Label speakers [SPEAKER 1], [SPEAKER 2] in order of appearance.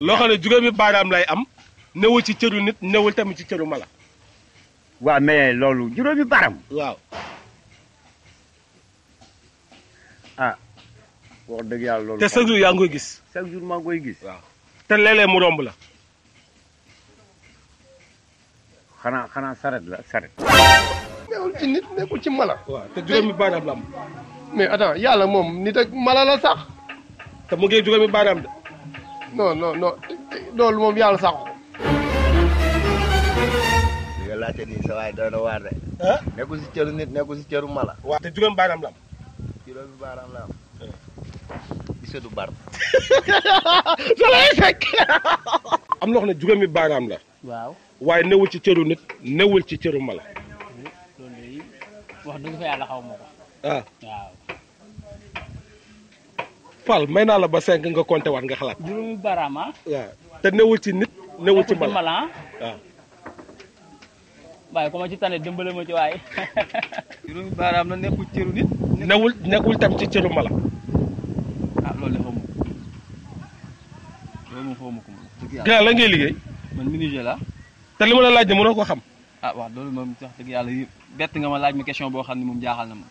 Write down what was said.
[SPEAKER 1] loo xam ne juróomi baaraam lay am newul ci cëru nit newul tamit ci cëru mala. waa mais loolu juróomi baaraam. waaw. ah wax dëgg yàlla loolu. te chaque jour yaa ngi koy gis. chaque jour koy gis. waaw te léeg mu romb la. xanaa xanaa saret la saret. nekkul ci nit nekkul ci mala. te juróomi baaraam la am. mais attends yàlla moom nit ak mala la sax. te mu ngi juróomi baaraam de. non non non loolu moom yàlla sax ko. li nga laajte nii sa waay doy na waar de. Ah? si cëru nit nekkul si cëru mala. waaw te juróom baaraam la am. Eh. ne juróomi waaw waaye newul ci cëru nit newul ci cëru mala. Hmm, loolu Fall may naa la ba cinq nga compté waat nga xalaat. juróomi baraama. Ah. waaw te newul ci nit. newul ci mala ma ci tane dimbale ma ci waaye. juróomi baaraam la nekkul cëru nit. newul nekkul tam ci cëru mala. ah loolu de moom xaw ma moom. gannaaw la ngay liggéey. man menuisier la te li ma la laaj ne mënoo ko xam. ah waaw loolu moom sax dëgg yàlla bett nga ma laaj ma question boo xam ne moom jaaxal na ma.